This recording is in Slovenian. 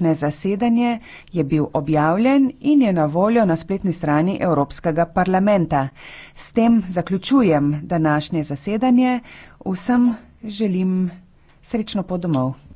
politične zasedanje je bil objavljen in je na voljo na spletni strani Evropskega parlamenta. S tem zaključujem današnje zasedanje. Vsem želim srečno pot domov.